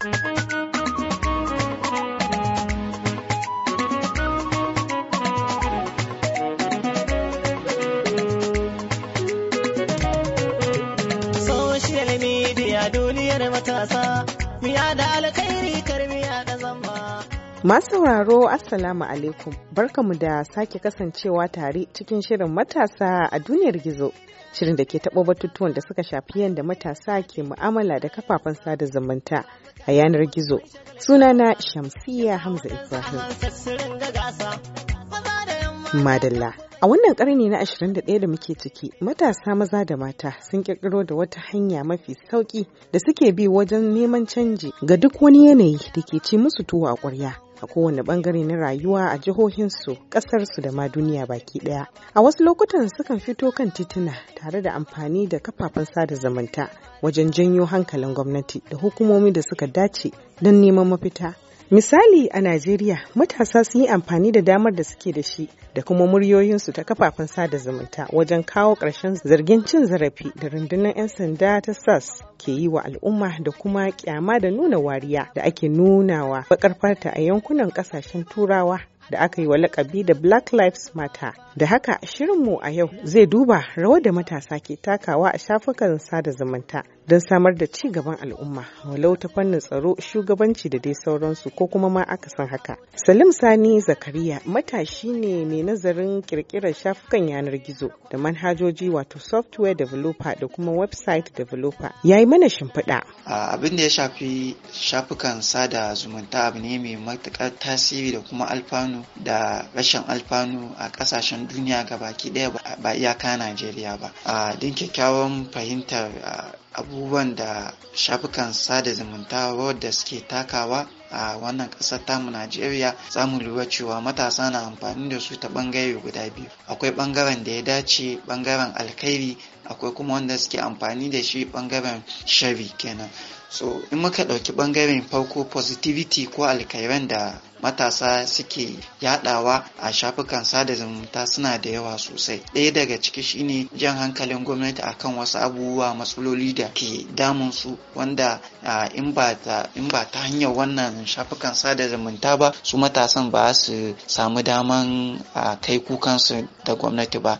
Social media duniyar matasa, miya da alkhairi karmiya da zamba. Masu sauraro Assalamu alaikum barkamu da sake kasancewa tare cikin shirin matasa a duniyar gizo. Shirin da ke taɓo batutuwan da suka shafi yadda matasa ke mu'amala da kafafen sada zumunta a yanar gizo. Sunana Shamsiyya Hamza Ibrahim. Madalla. A wannan ƙarni na 21 da muke ciki, matasa maza da mata sun ƙirƙiro da wata hanya mafi sauƙi da suke bi wajen neman canji ga duk wani yanayi da ke ci musu tuwo a ƙwarya. a kowane bangare na rayuwa a jihohinsu ƙasarsu da ma duniya baki ɗaya a wasu lokutan sukan fito kan tituna tare da amfani da kafafen sada zumunta wajen janyo hankalin gwamnati da hukumomi da suka dace don neman mafita Misali a Najeriya matasa sun yi amfani da damar da suke da shi da kuma muryoyinsu ta kafafen sada zumunta wajen kawo ƙarshen zargin cin zarafi da rundunar 'yan sanda ta SAS ke yi wa al'umma da kuma kyama da nuna wariya da ake nunawa baƙar farta a yankunan ƙasashen turawa da aka yi wa lakabi da Black Lives Matter. Da haka shirinmu a yau zai duba rawar da matasa ke takawa a shafukan sada zumunta don samar da ci gaban al'umma walau ta fannin tsaro shugabanci da dai sauransu ko kuma ma aka san haka salim sani zakariya matashi ne mai nazarin kirkirar shafukan yanar gizo da manhajoji wato software developer da kuma website developer ya yi mana shimfiɗa abin da ya shafi shafukan sada zumunta abu ne mai matuƙar tasiri da kuma alfanu da rashin alfanu a ƙasashen duniya ga baki ɗaya ba iyaka najeriya ba a din kyakkyawan fahimtar abubuwan da shafukan sada zumunta wadda suke takawa a wannan ƙasar tamu Najeriya za mu lura cewa matasa na amfani da su ta ɓangare guda biyu akwai ɓangaren da ya dace ɓangaren alkhairi akwai kuma wanda suke amfani da shi bangaren shari kenan so in muka ɗauki bangaren farko positivity ko alkairan da matasa suke yadawa a shafukan sada zumunta suna da yawa sosai ɗaya daga ciki shine jan hankalin gwamnati akan wasu abubuwa matsaloli da ke damun su wanda in ba ta hanyar wannan shafukan sada zumunta ba su matasan ba su samu daman kai kukansu da gwamnati ba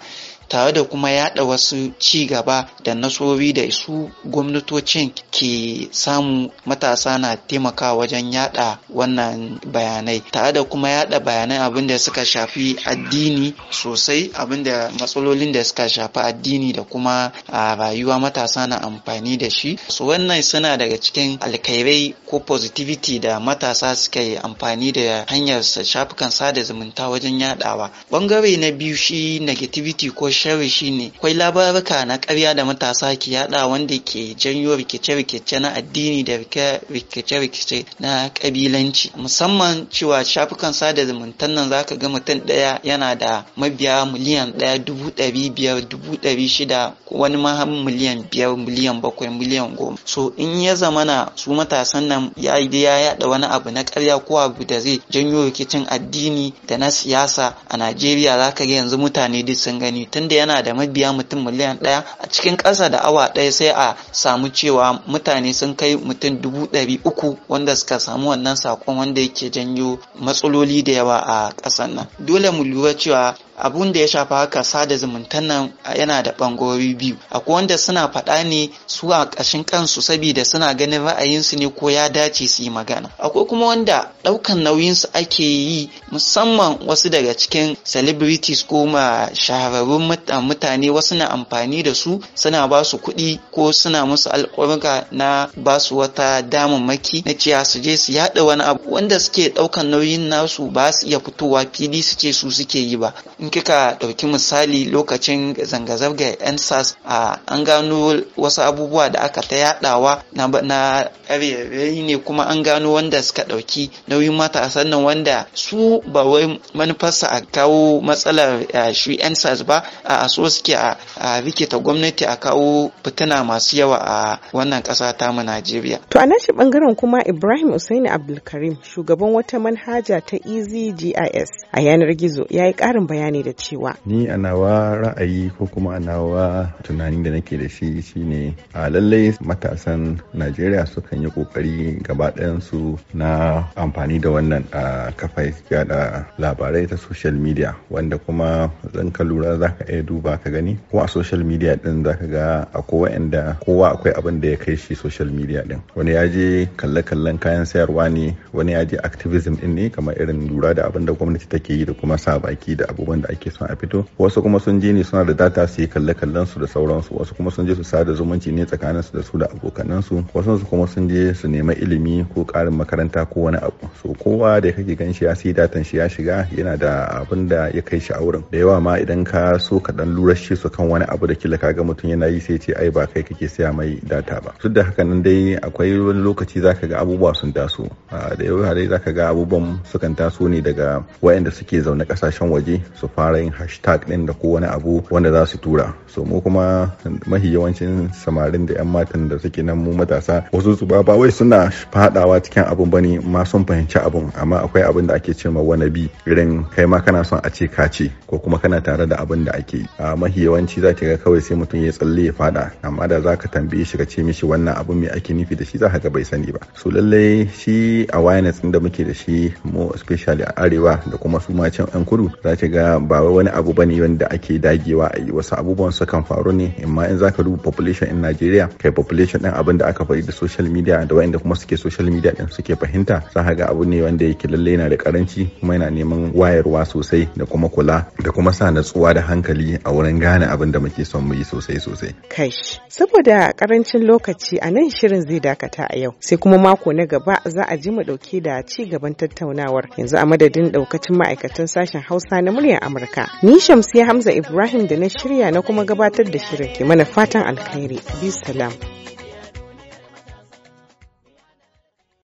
tare da kuma yada wasu ci gaba da nasarori da su gwamnatocin ke samu matasa na taimakawa wajen yada wannan bayanai tare da kuma yada bayanai abin da suka shafi addini sosai abin da matsalolin da suka shafi addini da kuma a rayuwa matasa na amfani da shi su wannan suna daga cikin alkairai ko positivity da matasa suka yi amfani da hanyar shafukan sada zumunta wajen yadawa bangare na biyu shi negativity ko sharri ne- akwai labaruka na karya da matasa ke yada wanda ke janyo rikice-rikice na addini da rikice-rikice na ƙabilanci musamman cewa shafukan sada zumuntan nan zaka ga mutum ɗaya yana da mabiya miliyan ɗaya dubu ɗari biyar dubu ɗari shida wani ma miliyan biyar miliyan bakwai miliyan goma so in ya zamana su matasan nan ya yi ya yada wani abu na karya ko abu da zai janyo rikicin addini da na siyasa a najeriya zaka ga yanzu mutane duk sun gani tun wanda yana da mabiya mutum miliyan ɗaya a cikin ƙasa da awa ɗaya sai a samu cewa mutane sun kai mutum dubu ɗari uku wanda suka samu wannan sakon wanda yake janyo matsaloli da yawa a ƙasan nan dole mu lura cewa abun da ya shafa haka sada zumuntan nan yana da bangori biyu akwai wanda suna faɗa ne su a ƙashin kansu saboda suna ganin ra'ayinsu ne ko ya dace su yi magana akwai kuma wanda ɗaukan nauyinsu ake yi musamman wasu daga cikin celebrities ko ma shahararrun mutane wasu na amfani da su suna ba su kuɗi ko suna musu alƙurga na ba su wata damammaki na cewa su je su yaɗa wani abu wanda suke ɗaukan nauyin nasu ba su iya fitowa fili su ce su suke yi ba kika ɗauki misali lokacin zanga-zanga 'yan a an gano wasu abubuwa da aka ta yadawa na ƙaryarai ne kuma an gano wanda suka ɗauki nauyin matasan nan wanda su ba wai manufarsa a kawo matsalar shi 'yan ba a so suke a rikita gwamnati a kawo fitina masu yawa a wannan ƙasa ta mu Najeriya. To a nashi bangaren kuma Ibrahim Usaini Abdulkarim shugaban wata manhaja ta gis a yanar gizo ya yi ƙarin bayani ne da cewa ni a nawa ra'ayi ko kuma a nawa tunani da nake da shi shine a lallai matasan najeriya sukan yi kokari gaba su na amfani da wannan a kafa yada labarai ta social media wanda kuma zan ka lura za ka iya duba ka gani ko a social media din za ka ga akwai wa'anda kowa akwai abin da ya kai shi social media din wani ya je kalle-kallen kayan sayarwa ne wani ya je activism din ne kamar irin lura da abin da gwamnati take yi da kuma sa baki da abubuwan da ake son a fito wasu kuma sun je ne suna da data su yi kalle kallen su da sauransu wasu kuma sun je su sada zumunci ne tsakanin su da su da abokanan su wasu su kuma sun je su nema ilimi ko karin makaranta ko wani abu so kowa da ya kake gan shi ya sai datan shi ya shiga yana da abin da ya kai shi a wurin da yawa ma idan ka so ka dan lura shi su kan wani abu da kila ga mutum yana yi sai ce ai ba kai kake saya mai data ba duk da haka nan dai akwai wani lokaci zaka ga abubuwa sun taso da yawa dai zaka ga abubuwan sukan taso ne daga waɗanda suke zaune kasashen waje su fara yin hashtag ɗin da ko abu wanda za su tura so mu kuma mahi yawancin samarin da 'yan matan da suke nan mu matasa wasu su ba wai suna fadawa cikin abun bane ma sun fahimci abun amma akwai abin da ake cewa wani bi irin kai ma kana son a ce ka ce ko kuma kana tare da abin da ake yi a mahi yawanci za ka ga kawai sai mutum ya tsalle ya fada amma da za ka tambaye shi ka ce mishi wannan abun me ake nufi da shi za ka bai sani ba so lallai shi a awareness din da muke da shi mu especially a arewa da kuma su ma can 'yan kudu za ki ga ba wani abu bane wanda ake dagewa a yi wasu abubuwan su kan faru ne amma in zaka duba population in Najeriya kai population din abin da aka faɗi da social media da wayanda kuma suke social media din suke fahimta za ka ga abu ne wanda yake lalle yana da karanci kuma yana neman wayarwa sosai da kuma kula da kuma sa natsuwa da hankali a wurin gane abin da muke son mu yi sosai sosai kai saboda karancin lokaci a nan shirin zai dakata a yau sai kuma mako na gaba za a ji mu dauke da ci gaban tattaunawar yanzu a madadin daukacin ma'aikatan sashen Hausa na muryar Amurka. Ni Shamsiya Hamza Ibrahim da na shirya na kuma gabatar da shirin ke mana fatan alkhairi. Bi